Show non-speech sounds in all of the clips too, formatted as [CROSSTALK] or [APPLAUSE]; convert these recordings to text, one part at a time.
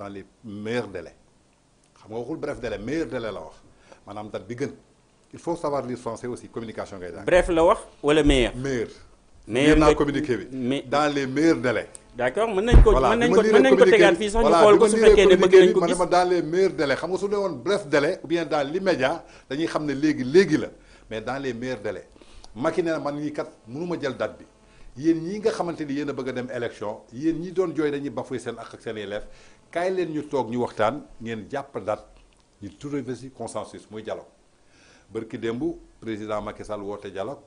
dans les meilleurs délais xam nga waxul bref délai meilleur délai la wax Manam date bi gën il faut savoir lire français aussi communication ngay jàng. bref la wax wala meilleur. meilleur meilleur naa communiqué bi. dans les meilleurs délais. D'accord, accord mën nañ ko mën nañ ko mën nañ ko tegaat fi sax ñu xol ko su fekkee ne bëgg nañ ko gis dans les meilleurs délais xam nga su ne bref délai ou bien dans l'immédiat dañuy xam ne léegi léegi la mais dans les meilleurs délais Macky nee na man ñii kat mënuma jël date bi yéen ñi nga xamante ni yéen a bëgg a dem élection yéen ñi doon jooy dañuy bafuy seen ak ak seen yelleef kaay leen ñu toog ñu waxtaan ngeen jàpp date ñu trouver ci consensus muy dialogue bërki démb président Macky Sall woote dialogue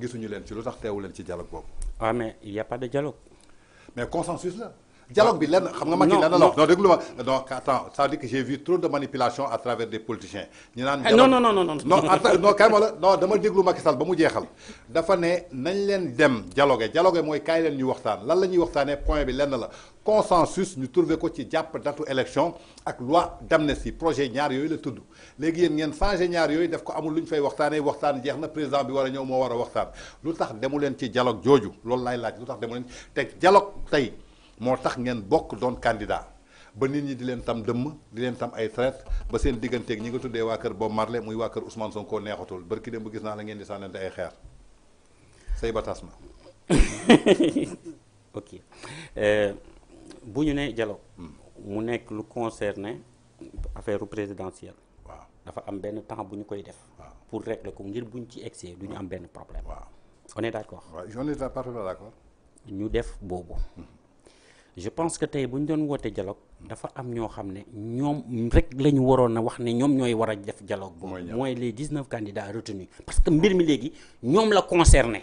gisuñu leen ci lu tax teewu leen ci dialogue boobu. waaw ah, mais y a pas de dialogue. mais consensus la. dialogue bi lenn xam nga non ça veut dire que j'ai vu trop de manipulation à travers des politiciens Non non non non non non non non non non non non non non non non non non non non dem dialogue dialogue non non non non non non non point non non consensus non non non non non non élection non loi non projet non non non non non non non non non non non non non non non non non non président non non non non non non non non non non dialogue non non non non non non dialogue motax ngeen bok doon candidat ba nit ñi di leen tam dëmm di leen tam ay traite ba seen ak ñi nga tuddee waa kër Bob Marley muy waa kër Ousmane Sonko neexatul barki dem ba gis naa la ngeen di sànnante ay xeer say batas ma [LAUGHS] ok euh, bu ñu ne dialogue hmm. mu nekk lu concerné affaire présidentielle dafa am benn temps bu ñu koy def pour régler ko ngir buñ ci excès duñu am benn problème on est d'accord on est d'accord ñu def boobu hmm. je pense que tay on a doon dialogue dafa am ño xamné ne rek dialogue 19 candidats retenus parce que mbir mi qui, la concerné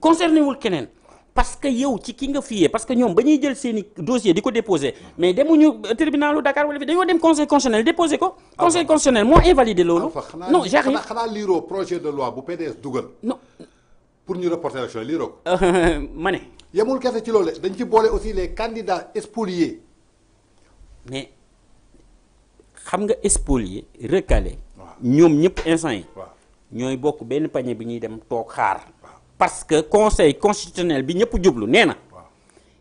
concerné wul kenen parce que yow ci ki nga parce que ñom bañuy jël dossier diko déposer mais demuñu tribunalu Dakar wala dem conseil constitutionnel déposé ko. Ah conseil constitutionnel invalidé non j'arrive projet de loi bu PDS non pour ñu reporter élection chose, [LAUGHS] yemul kese ci lolé dañ ci bolé aussi les candidats spoliés mais xam nga spolié recalé. ñom ñep instant yi. ñoy bokk ben panier bi ñuy dem tok xaar. parce que conseil constitutionnel bi ñep jublu néna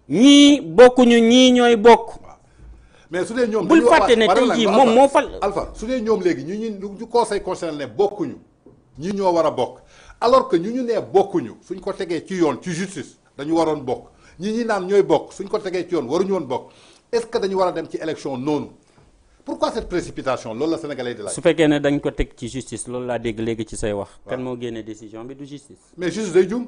na. bokku ñu ñi ñoy bokk. mais su ñom bu faté né ne tey jii moom fal. alpha su ñom légui léegi ñu ñu ñu conseil constitutionnel bokku ñu ñi ñoo wara bokk alors que ñu ñu bokku ñu suñ ko tegee ci yoon ci justice dañu waroon bokk ñi ñi naan ñooy bokk suñ ko tegee ci yoon waruñu woon bokk est-ce que dañu war a dem ci élection noonu pourquoi cette précipitation loolu la sénégalais di laaj. su fekkee ne dañ ko teg ci justice loolu laa dégg léegi ci say wax. kan moo génnee décision bi du justice. mais justice day jum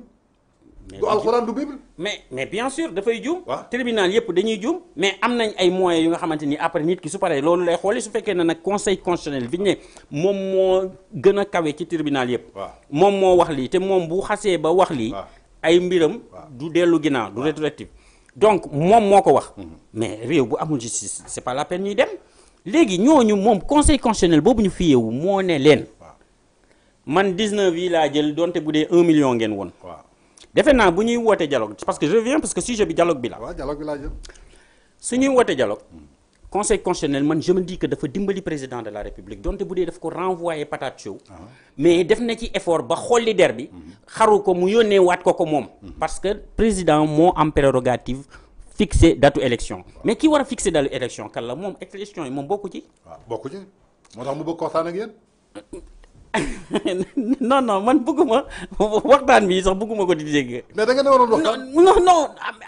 du alxuraan du bible. mais mais bien sûr dafay jum. tribunal yépp dañuy jum mais am nañ ay moyens yu nga xamante ni après nit ki su paree loolu lay xoolee su fekkee ne nag conseil constitutionnel bi ñu ne moom moo gën a kawe ci tribunal yépp moom moo wax lii te moom bu xasee ba wax lii ay mbiram. du delu ginnaaw du rétroactif. donc mom moko wax. mais rew bu amul justice c'est pas la peine ñuy dem léegi ñooñu mom conseil constitutionnel boobu ñu fi yeewu moo ne len man 19 yi la jël donte bu 1 million ngeen won défé na naa bu ñuy wootee dialogue parce que je reviens parce que sujet bi dialogue bi la. dialogue bi laa jël. su ñuy dialogue conseil constitutionnel man je me dis que dafa dimbali président de la république donte bu dee daf ko renvoyer patate ah mais def na ci effort ba xolli der bi mhm. xaru ko mu yónnee waat ko ko moom mhm. parce que président moo am prérogative fixé date élection mais qui war fixer date datu Car kan la moom élection yi moom beaucoup ci waaw bokku ci moo tax mu bëgg waxtaan ak yéen [LAUGHS] non non man bëgguma waxtaan bi sax bëgguma ko di dégg. mais da ngeen waroon waxtaan non non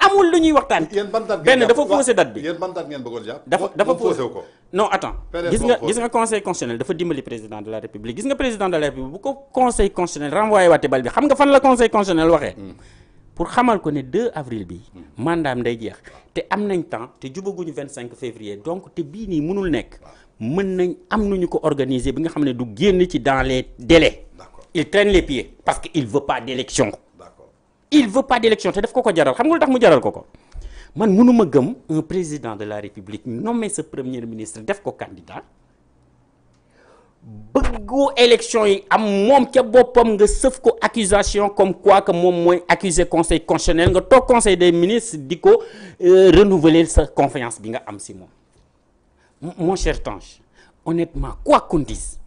amul lu ñuy waxtaan. yéen ban date benn dafa posé date bi. yéen ban date ngeen bëggoon jàpp. dafa dafa posé ko. non attends gis nga gis nga conseil constitutionnel dafa dimbali président de la république gis nga président de la république bu ko conseil constitutionnel renvoyé waté bal bi xam nga fan la conseil constitutionnel waxé hmm. pour xamal ko ne 2 avril bi mandaam day jeex te am nañ temps te jubaguñu 25 février donc te bii nii mënul nekk mën nañ am nañu ko organiser bi nga xam ne du génn ci dans les délais il traîne les pieds parce que il veut pas d'élection il veut pas d'élection te daf ko ko jaral xam nga lu mu jaral ko un président de la république nommer ce premier ministre def ko candidat bëggoo élection yi am moom ca boppam nga sëf ko accusation comme quoi que moom mooy accuser conseil constitutionnel nga conseil des ministres di ko euh, renouveler sa confiance bi nga am si moom mon cher Tange, honnêtement, quoi qu'on dise,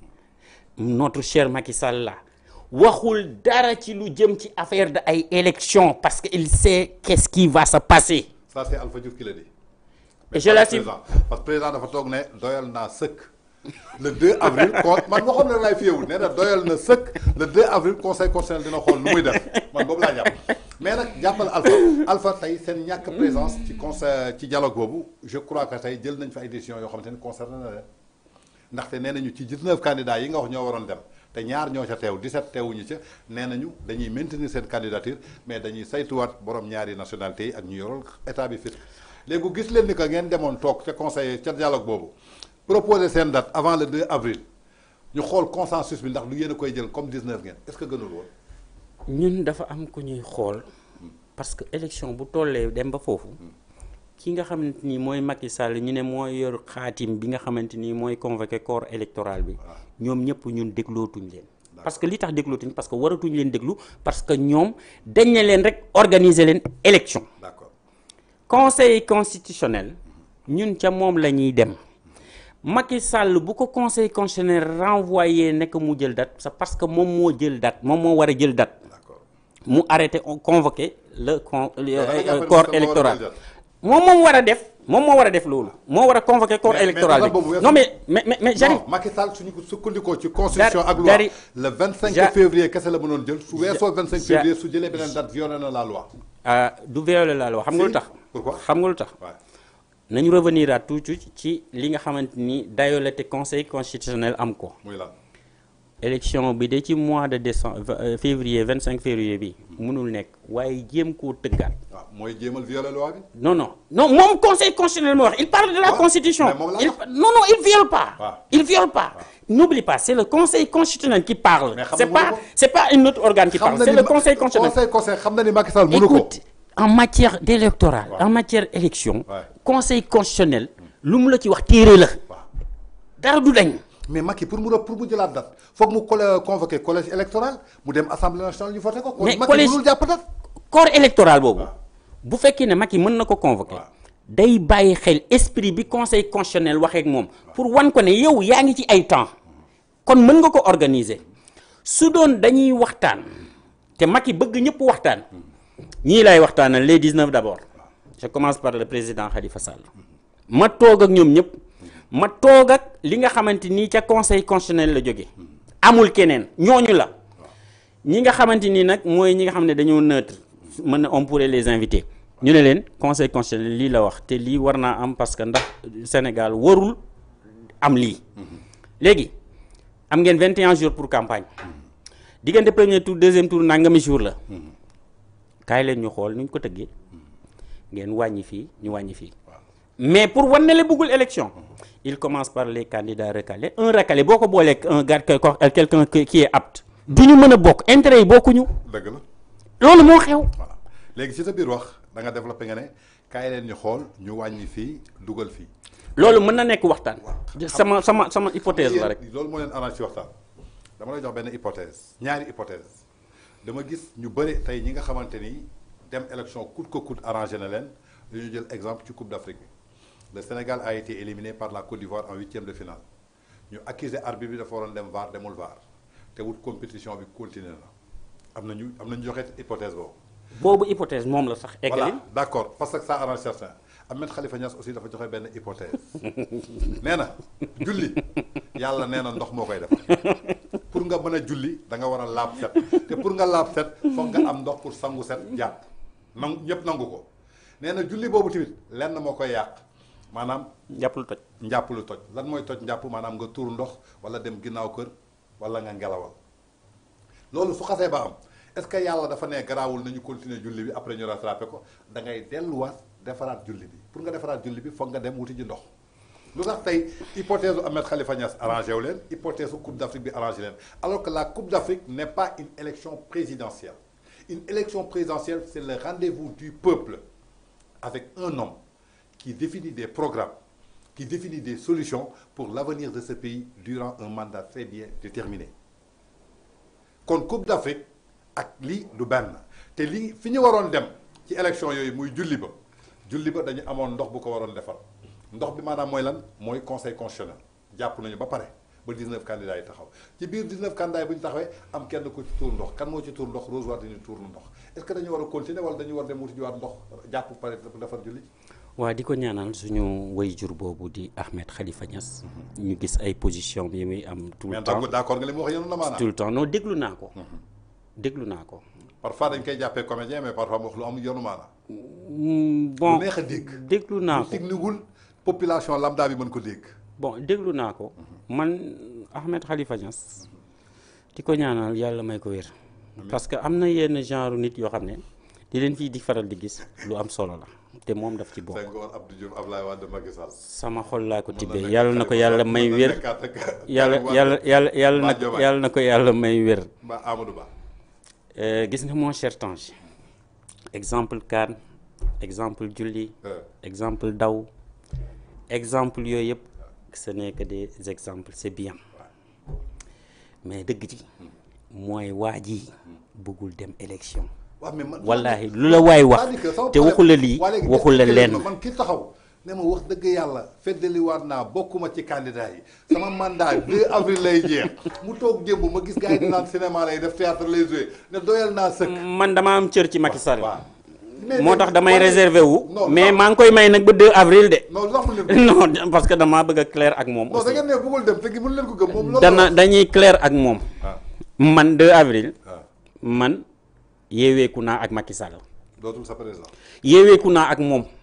notre cher Macky Sall là, waxul dara ci lu jëm ci affaire de ay élections parce qu'il sait qu'est-ce qui va se passer. ça c'est Alpha Diouf qui l'a dit. Et je l'assume parce que le président de toog Doyle n'a naa le 2 avril con man waxoon na laay fiyewu nee na doyal na sëkk le 2 avril conseil constitutionnel dina xool nu muy def man boobu laa mais nag jàppal Alpha Alpha tey seen ñàkk présence ci conseil ci dialogue boobu je crois que tey jël nañ fa yoo xam yoo xamante ni concerné na leen te nee nañu ci 19 candidats yi nga wax ñoo waroon dem te ñaar ñoo ca teew 17 teewuñu ca nee nañu dañuy maintenir seen candidature mais dañuy saytuwaat borom ñaari nationalité yi ak ñu yoroon état bi fit léegi gis leen ni que ngeen demoon toog ca conseil ca dialogue boobu proposer cette date avant le 2 avril ñu xool consensus bi ndax du yéen a koy jël comme 19 ngeen est-ce que gënul woon. ñun dafa am ku ñuy xool parce que élection bu tollee dem ba foofu ki nga xamanteni moy Macky Sall ñu né moy yor khatim bi nga xamanteni ni convoquer corps électoral bi ah. ñom ñëpp ñun déglotuñ leen. parce que li tax déglootuñ parce que waratuñ leen déglu parce que ñom dañ ne leen rek organiser leen élection. d'accord conseil constitutionnel ñun ca moom la ñuy dem. Macky Sall bu ko conseil constitutionnel renvoyé nek mu jël date parce que mom mo jël date mom mo wara jël date mu arrêté convoquer le con euh, corps électoral mom moom wara def mom mo wara def lolu mo wara convoquer corps électoral non mais mais mais j'arrive Macky Sall suñu ko sukkandikoo ci constitution ak loi le 25 février kese la mënoon jël su weesoo 25 février su jëlee benen date violé na la loi ah, du violé la loi xam nga lutax pourquoi xam nga lutax tax nañu revenir à tout ci li nga xamanteni ni le conseil constitutionnel am ko. muy la élection bi dé ci mois de décembre euh, février 25 février bi. mënul nek waye jéem ko tëggaat. waaw ah, mooy violer loi bi. non non non mon conseil constitutionnel mo wax il parle de la ah, constitution. il non non il viole pas. Ah. il viole pas. n'oublie pas c'est le conseil constitutionnel qui parle. c'est pas c'est pas un autre organe qui parle. c'est le conseil constitutionnel conseil conseil en matière électorale, en matière élection conseil constitutionnel l'homme mu la ci wax téere la dara du dañ mais Macky pour mu pour mu Faut date nous mu convoquer collège électoral mu dem assemblée nationale du voté ko. mais collège mënul jàpp corps électoral boobu. bu fekkee ne Macky mën na convoquer. convoqué. day bàyyi xel esprit bi conseil constitutionnel waxee ak moom. pour wan ko ne yow yaa ngi ci ay temps. kon mën nga ko organiser. su doon dañuy waxtaan. te Macky bëgg ñëpp waxtaan. Hmm. Ni lay waxtaanal les 19 d'abord je commence par le président Khalifa Sall ma toog ak ñom ñep ma toog ak li nga xamanteni ci conseil constitutionnel la jóge amul kenen ñooñu la ñi nga xamanteni nak moy ñi nga xamné dañu neutre on pourrait les inviter ñu leen conseil constitutionnel li la wax té li warna am parce que ndax Sénégal warul am li légui am ngeen 21 jours pour campagne diggante premier tour deuxième tour nangami jour la kaay leen ñu xool nu ñu ko tëggee hmm. ngeen wàññi fii ñu wàññi fii mais pour wan ne la bëggul élection hmm. il commence par les candidats recalés un recalé boko ko un gars quelqu'un qui est apte hmm. du ñu bok a bokk intérêt yi bokkuñu. dëgg la loolu moo xew. légui ci sa bir wax da nga développer nga ne kaay leen ñu xool ñu wàññi fii dugal fi loolu mën na nekk waxtaan. sama sama sama hypothèse la rek. loolu mo len arrangé ci waxtan dama lay jox ben hypothèse ñaari hypothèse dama gis ñu bëri tey ñi nga xamante ni dem élection coûte que coûte arrangé na leen dañu jël exemple ci Coupe d'Afrique le Sénégal a été éliminé par la Côte d'Ivoire en huitième de finale ñu accusé arbitre bi dafa waroon dem VAR demul VAR te wut compétition bi continue na am nañu am nañu joxe hypothèse boobu. boobu hypothèse moom la sax. eggali voilà d'accord parce que ça arrange certains. Ahmed Khalifa Niass aussi dafa joxe benn hypothèse [LAUGHS] nee na julli yàlla nee na ndox moo koy defar pour nga mën a julli da nga war a laab set te pour nga laab set foog nga am ndox pour sangu set jàpp nangu ñëpp nangu ko nee na julli boobu tamit lenn moo koy yàq maanaam. njàpp lu toj njàpp lu toj lan mooy toj njàpp maanaam nga tuur ndox wala dem ginnaaw kër wala nga ngelawal loolu su xasee ba am est-ce que yàlla dafa ne garaawul nañu continuer julli bi après ñu rattrapé ko da ngay delluwaat. defaraat julli bi pour nga defaraat julli bi foog nga dem wuti ji ndox lu tax tey hypothèse Ahmed Khalifa Niass arrangé wu leen hypothèse Coupe d'Afrique bi arrangé leen alors que la Coupe d'Afrique n'est pas une élection présidentielle une élection présidentielle c'est le rendez-vous du peuple avec un homme qui définit des programmes qui définit des solutions pour l'avenir de ce pays durant un mandat très bien déterminé kon Coupe d'Afrique ak li du ben té li fiñu waron dem ci élection yoy muy julli ba julli ba dañu amoon ndox bu ko waroon defar ndox bi maanaam mooy lan mooy conseil constitutionnel jàpp nañu ba pare ba 19 candidats yi taxaw ci biir 19 candidats yi bu ñu taxawee am kenn ko ci tour ndox kan moo ci tour ndox Rose dañu tour ndox est-ce que dañu war a continuer wala dañu war dem wuti jiwaat ndox jàpp pare defar julli. waaw di ko ñaanal suñu wayjur boobu di Ahmed Khalifa Niass. Mhm. ñu gis ay position yi muy am. tout le temps mais d'accord nga li mu wax yéen a maanaam. tout le temps non déglu naa ko. Mhm. déglu naa ko. parfois dañ koy jàppee comédien mais parfois mu wax lu am yoonu maanaam. Mm, bon neex a dégg déglu naa ko bi mën ko dégg. bon déglu naa ko mhm. man Ahmed Khalifa Niass di ko ñaanal yàlla may ko wér. parce que am na yenn genre nit yoo xam ne di leen fii di faral di gis lu am solo la te moom daf ci bokk. Senghor Abdou Diouf sama xol laa ko tibbee yàlla na ko yàlla may wér. yàlla yàlla yàlla yàlla na yàlla na ko yàlla may wér. Amadou Ba. Euh, gis nga mon cher Tange exemple car, exemple Julie, ah. exemple Dao, exemple Yoyep, ce n'est que des exemples c'est bien mais de- veux dem élection le je ne ma wax dëgg yàlla feddaliwaat naa bokkuma ci candidat yi sama mandat 2 avril lay jeex mu toog démb ma gis gars yi di naan cinéma lay def théâtre lay joué ne man dama am cër ci Macky Sall. moo tax damay réservé wu. mais maa ngi koy may nag ba 2 avril de. [LAUGHS] non parce que dama bëgg a ak moom. non da ngeen ne bëggul dem te mënu dana dañuy clair ak moom. Ah. man 2 avril. Ah. man yeeweeku naa ak Macky Sall. naa ak moom.